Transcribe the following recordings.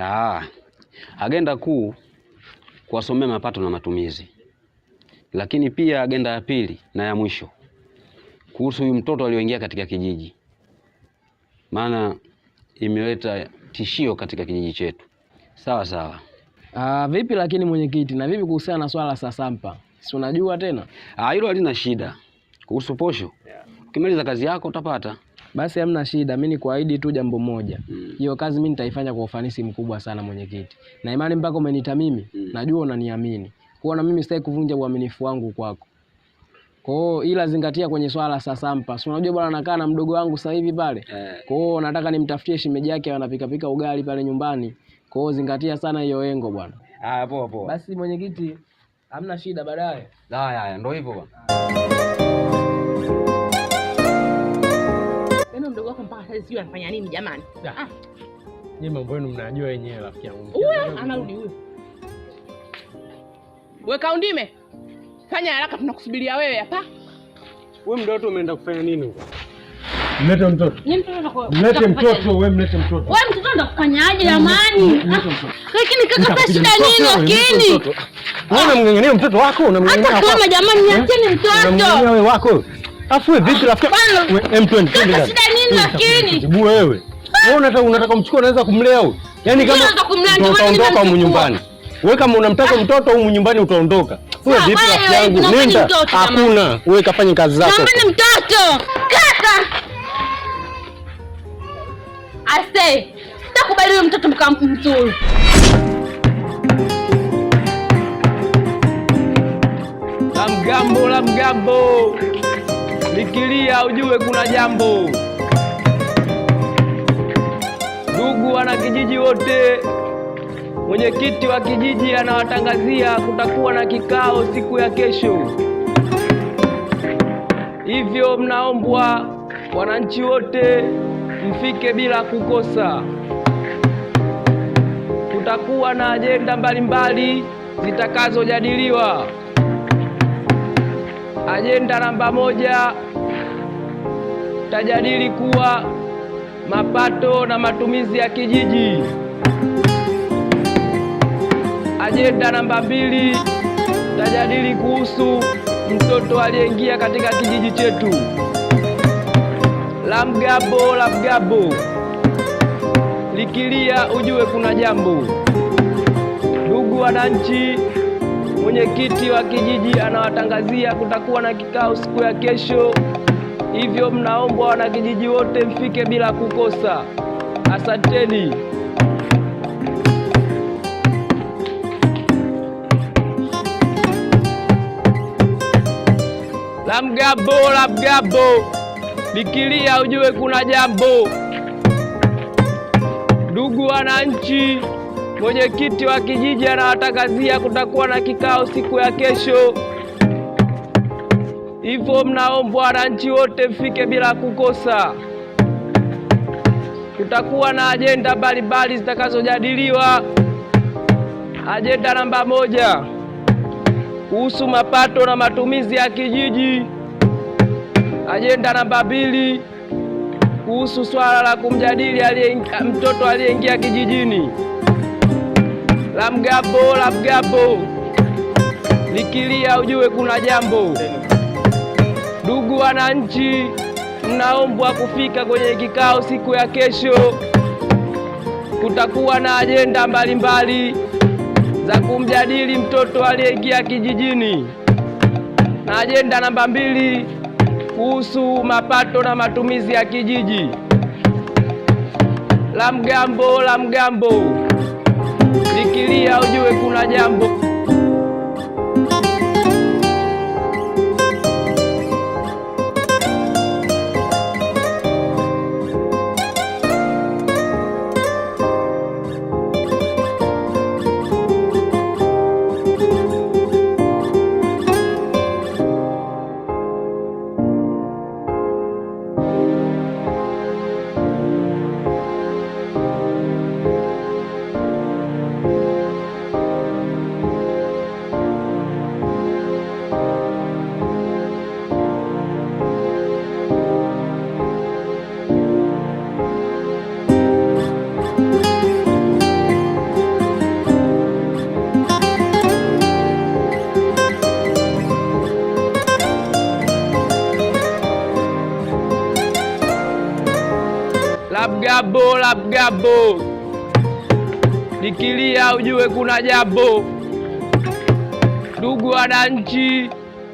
Aa, ah, agenda kuu kuwasomea mapato na matumizi, lakini pia agenda ya pili na ya mwisho kuhusu huyu mtoto alioingia katika kijiji, maana imeleta tishio katika kijiji chetu. Sawa sawa. Aa, ah, vipi lakini mwenyekiti, na vipi kuhusiana na swala Sasampa? Si unajua tena ah, hilo halina shida. Kuhusu posho, ukimaliza kazi yako utapata. Basi hamna shida, mimi nikuahidi tu jambo moja, mm. hiyo mm. kazi mimi nitaifanya kwa ufanisi mkubwa sana mwenyekiti, na imani mpaka umenita mimi mm. najua unaniamini, kwa na mimi sitaki kuvunja uaminifu wangu kwako. Kwa hiyo ila zingatia kwenye swala sasampa. Si unajua bwana anakaa na mdogo wangu sasa hivi pale. Eh. Kwa hiyo nataka nimtafutie shimeji yake anapika pika ugali pale nyumbani. Kwa hiyo zingatia sana hiyo engo bwana. Ah, poa poa. Basi mwenyekiti, hamna shida baadaye. Haya haya, ndio hivyo bwana. Yaani mdogo wako mpaka sasa sijui anafanya nini jamani. Ah. Ni mambo yenu mnajua wenyewe rafiki yangu. Huyo anarudi huyo. Weka undime. Fanya haraka tunakusubiria wewe hapa. Wewe mdoto umeenda kufanya nini huko? Mlete mtoto. Mlete mtoto, wewe mlete mtoto. Wewe mtoto ndo kufanyaje jamani? Ah. Lakini kaka kwa shida nini lakini? Wewe unamng'ang'ania mtoto wako, unamng'ang'ania. Hata kama jamani eh? niacheni mtoto. Unamng'ang'ania wewe wako. Afu wewe vipi rafiki? Wewe M20 twende dada. Shida nini lakini? Jibu wewe. Wewe unataka unataka kumchukua unaweza kumlea huyo. Yaani kama utaondoka huko nyumbani. Wewe kama unamtaka ah! mtoto huko nyumbani utaondoka. Wewe vipi rafiki yangu? Nenda. Hakuna. Wewe kafanye kazi zako. Naomba ni mtoto. Kaka. Asay. Sitakubali huyo mtoto mkamzuru. La mgambo, la mgambo fikiria ujue kuna jambo. Ndugu wanakijiji wote, mwenyekiti wa kijiji anawatangazia kutakuwa na kikao siku ya kesho, hivyo mnaombwa wananchi wote mfike bila kukosa. Kutakuwa na ajenda mbalimbali zitakazojadiliwa. Ajenda namba moja tutajadili kuwa mapato na matumizi ya kijiji. Ajenda namba mbili, tutajadili kuhusu mtoto aliyeingia katika kijiji chetu. La mgabo la mgabo, likilia ujue kuna jambo. Ndugu wananchi, mwenyekiti wa kijiji anawatangazia kutakuwa na kikao siku ya kesho Hivyo mnaombwa wanakijiji wote mfike bila kukosa. Asanteni. La lamgabo la ujue kuna jambo. Ndugu wananchi, mwenyekiti wa kijiji anawatangazia kutakuwa na kikao siku ya kesho. Hivyo mnaombwa wananchi wote mfike bila kukosa. Tutakuwa na ajenda mbalimbali zitakazojadiliwa. Ajenda namba moja kuhusu mapato na matumizi ya kijiji. Ajenda namba mbili kuhusu swala la kumjadili mtoto aliyeingia kijijini. La mgapo la mgapo, likilia ujue kuna jambo. Ndugu wananchi, mnaombwa kufika kwenye kikao siku ya kesho. Kutakuwa na ajenda mbalimbali za kumjadili mtoto aliyeingia kijijini, na ajenda namba mbili kuhusu mapato na matumizi ya kijiji. La mgambo la mgambo, likilia ujue kuna jambo. mgabo la mgabo, nikilia ujue kuna jambo. Ndugu wananchi,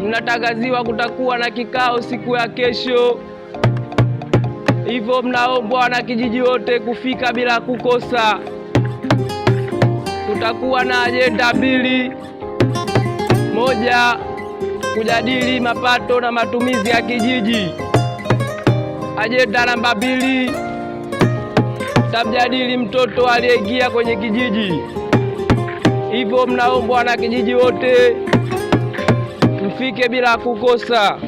mnatangaziwa kutakuwa na kikao siku ya kesho, hivyo mnaombwa kijiji wote kufika bila kukosa. Kutakuwa na ajenda mbili, moja kujadili mapato na matumizi ya kijiji. Ajenda namba mbili tamjadili mtoto aliyeingia kwenye kijiji. Hivyo mnaombwa wana kijiji wote mfike bila kukosa.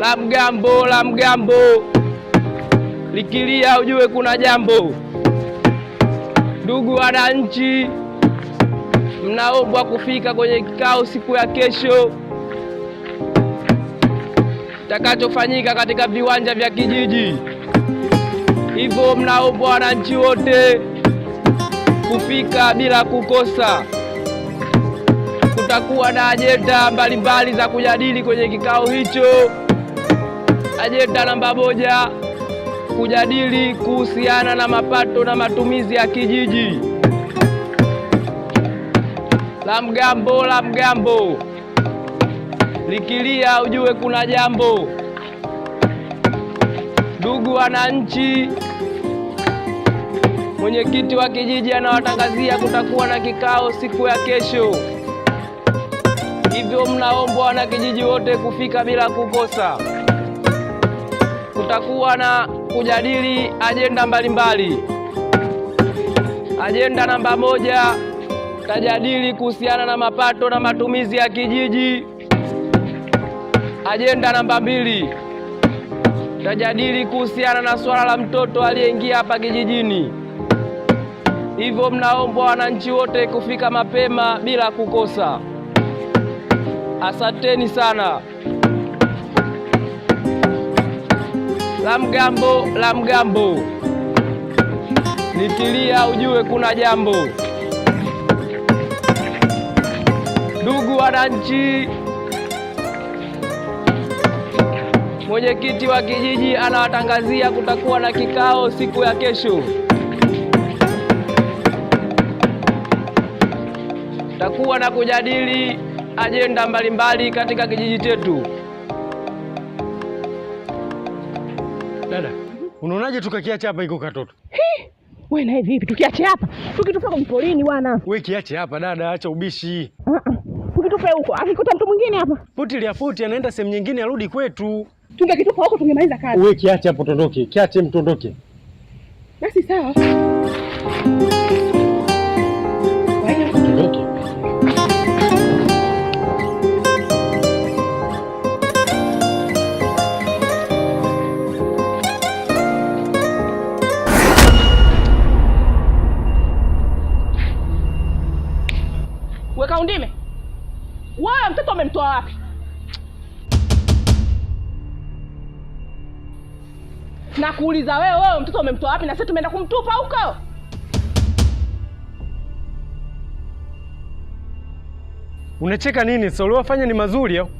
La mgambo, la mgambo likilia, ujue kuna jambo. Ndugu wananchi, mnaombwa kufika kwenye kikao siku ya kesho takachofanyika katika viwanja vya kijiji. Hivyo mnaomba wananchi wote kufika bila kukosa. Kutakuwa na ajenda mbalimbali za kujadili kwenye kikao hicho. Ajenda namba moja, kujadili kuhusiana na mapato na matumizi ya kijiji. La mgambo la mgambo likilia, ujue kuna jambo. Ndugu wananchi, mwenyekiti wa kijiji anawatangazia kutakuwa na kikao siku ya kesho, hivyo mnaombwa wanakijiji wote kufika bila kukosa. Kutakuwa na kujadili ajenda mbalimbali. Ajenda namba moja, tajadili kuhusiana na mapato na matumizi ya kijiji. Ajenda namba mbili tutajadili kuhusiana na swala la mtoto aliyeingia hapa kijijini. Hivyo mnaombwa wananchi wote kufika mapema bila kukosa. Asanteni sana. La mgambo, la mgambo, nikilia ujue kuna jambo. Ndugu wananchi Mwenyekiti wa kijiji anawatangazia kutakuwa na kikao siku ya kesho. Takuwa na kujadili ajenda mbalimbali katika kijiji chetu. Dada, unaonaje tukakiacha hapa iko katoto? Wewe na vipi tukiache hapa? Tukitupa kwa mpolini bwana. Wewe kiache hapa dada, acha ubishi. Uh-uh. Tukitupa huko, akikuta mtu mwingine hapa. Puti lia anaenda sehemu nyingine arudi kwetu. Tungekitupa huko tungemaliza kazi. Wewe kiache hapo, tondoke. Kiache mtondoke. Basi sawa. Weka undime. Wewe mtoto umemtoa wapi? na kuuliza wewe, wewe mtoto umemtoa wapi? Na sisi tumeenda kumtupa huko. Unacheka nini? Sio uliofanya ni mazuri au?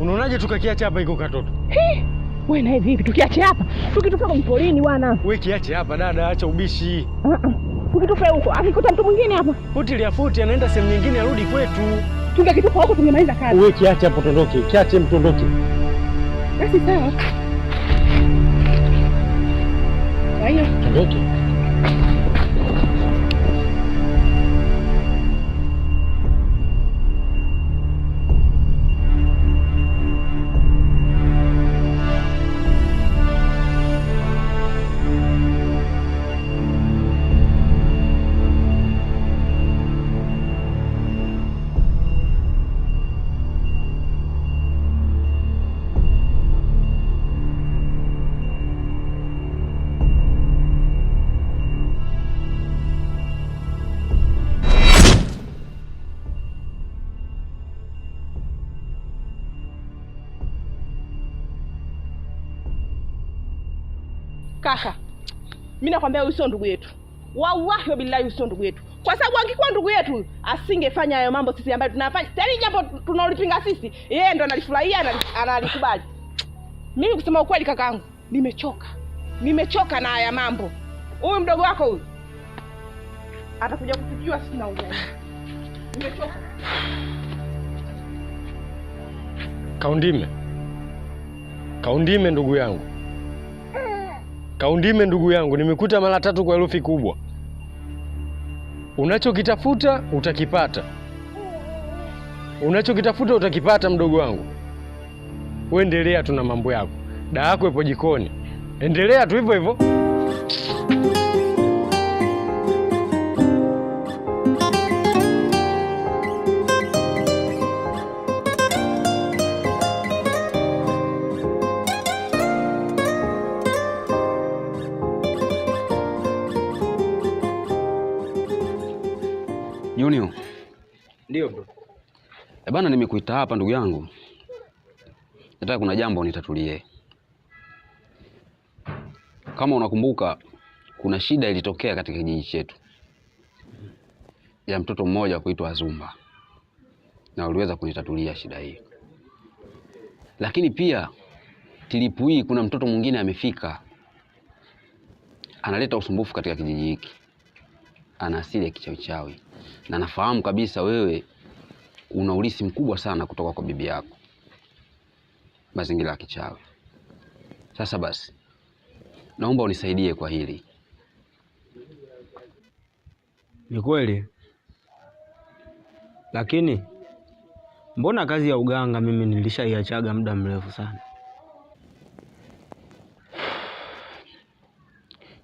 Unaonaje tukakiacha hapa iko katoto? Wewe naye vipi? Tukiache hapa tukitupa kwa mporini bwana. Wewe kiache hapa dada, acha ubishi. Ah ah. Tukitupa huko akikuta mtu mwingine hapa futi ya futi, anaenda sehemu nyingine, arudi kwetu. Tungekitupa huko tungemaliza kazi. Wewe kiache hapo, tondoke. Kiache mtondoke. Basi sawa. Haya, tondoke. Kaka, mimi nakwambia huyu sio ndugu yetu, wallahi wabillahi, huyu sio ndugu yetu, kwa sababu angekuwa ndugu yetu asingefanya hayo mambo sisi ambayo tunafanya. Yaani jambo tunalipinga sisi, yeye ndo analifurahia, analikubali. Mimi kusema ukweli, kakaangu, nimechoka, nimechoka na haya mambo. Huyu mdogo wako huyu atakuja kutujua sisi na ujana. Nimechoka Kaundime, Kaundime ndugu yangu Kaundime ndugu yangu, nimekuta mara tatu kwa herufi kubwa. Unachokitafuta utakipata, unachokitafuta utakipata, mdogo wangu. Uendelea tu na mambo yako, daa yako ipo jikoni, endelea tu hivyo hivyo. Ndio bro. Eh, bana nimekuita hapa ndugu yangu. Nataka kuna jambo nitatulie. Kama unakumbuka kuna shida ilitokea katika kijiji chetu ya mtoto mmoja kuitwa Azumba, na uliweza kunitatulia shida hii. Lakini pia tilipu hii kuna mtoto mwingine amefika, analeta usumbufu katika kijiji hiki, ana asili ya kichawichawi, na nafahamu kabisa wewe una urithi mkubwa sana kutoka kwa bibi yako, mazingira ya kichawi. Sasa basi, naomba unisaidie kwa hili. Ni kweli, lakini mbona kazi ya uganga mimi nilishaiachaga muda mrefu sana?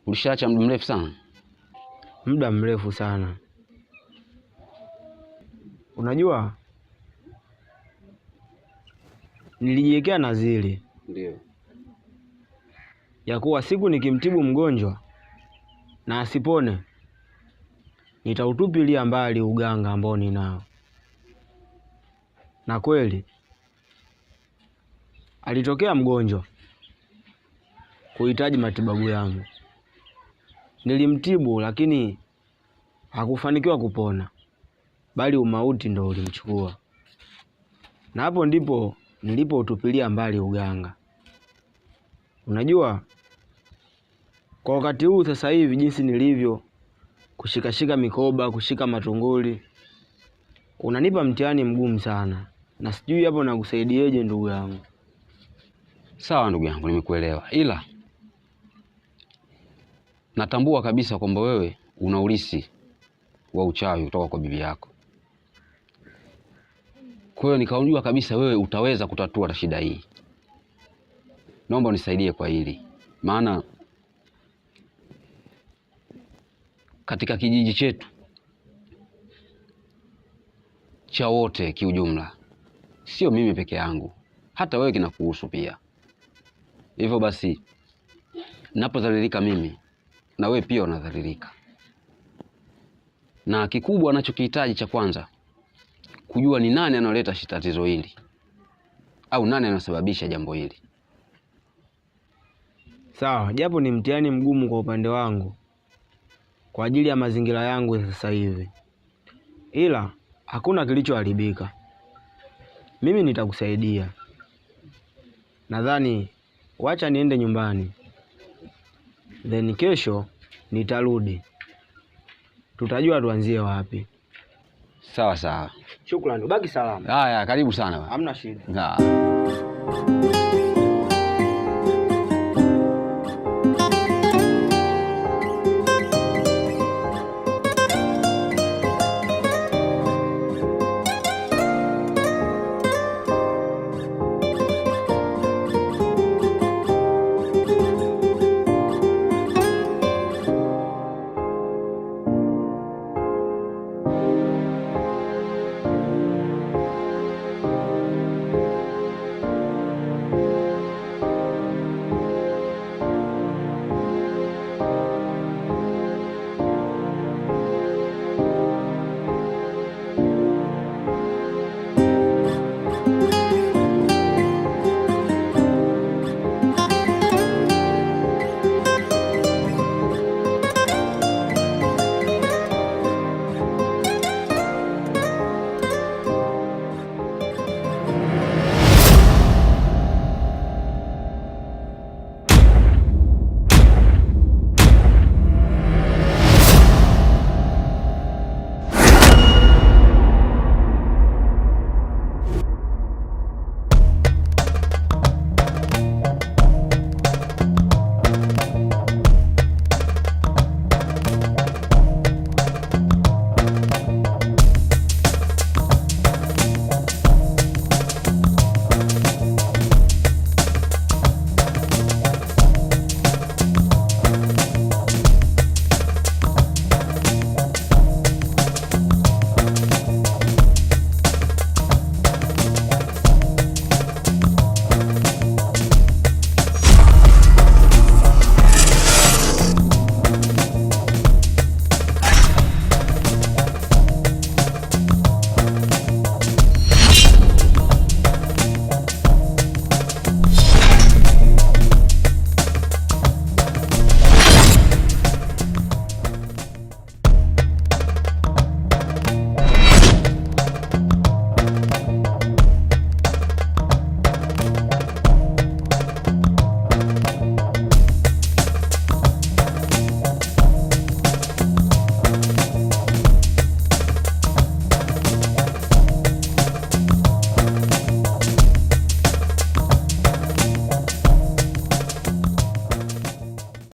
Ulishaacha muda mrefu sana? Muda mrefu sana. Unajua nilijiwekea nadhiri ndio ya kuwa siku nikimtibu mgonjwa na asipone, nitautupilia mbali uganga ambao ninao. Na kweli alitokea mgonjwa kuhitaji matibabu yangu, nilimtibu lakini hakufanikiwa kupona bali umauti ndo ulimchukua, na hapo ndipo nilipoutupilia mbali uganga. Unajua, kwa wakati huu sasa hivi jinsi nilivyo kushikashika mikoba, kushika matunguli, unanipa mtihani mgumu sana, na sijui hapo nakusaidieje ndugu yangu. Sawa ndugu yangu, nimekuelewa, ila natambua kabisa kwamba wewe una urisi wa uchawi kutoka kwa bibi yako. Kwa hiyo nikaujua kabisa wewe utaweza kutatua shida hii, naomba unisaidie kwa hili, maana katika kijiji chetu cha wote kiujumla, sio mimi peke yangu, hata wewe kinakuhusu pia. Hivyo basi, napodhalilika mimi na wewe pia unadhalilika, na kikubwa anachokihitaji cha kwanza kujua ni nani analeta tatizo hili au nani anasababisha jambo hili. Sawa, japo ni mtihani mgumu kwa upande wangu kwa ajili ya mazingira yangu sasa hivi, ila hakuna kilichoharibika. Mimi nitakusaidia. Nadhani wacha niende nyumbani, then kesho nitarudi, tutajua tuanzie wapi. Sawa sawa. Shukrani, ubaki salama. Haya, karibu sana. Hamna shida.